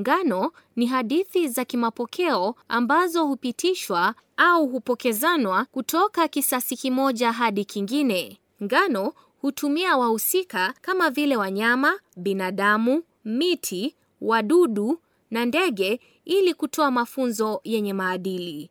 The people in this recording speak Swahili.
Ngano ni hadithi za kimapokeo ambazo hupitishwa au hupokezanwa kutoka kisasi kimoja hadi kingine. Ngano hutumia wahusika kama vile wanyama, binadamu, miti, wadudu na ndege ili kutoa mafunzo yenye maadili.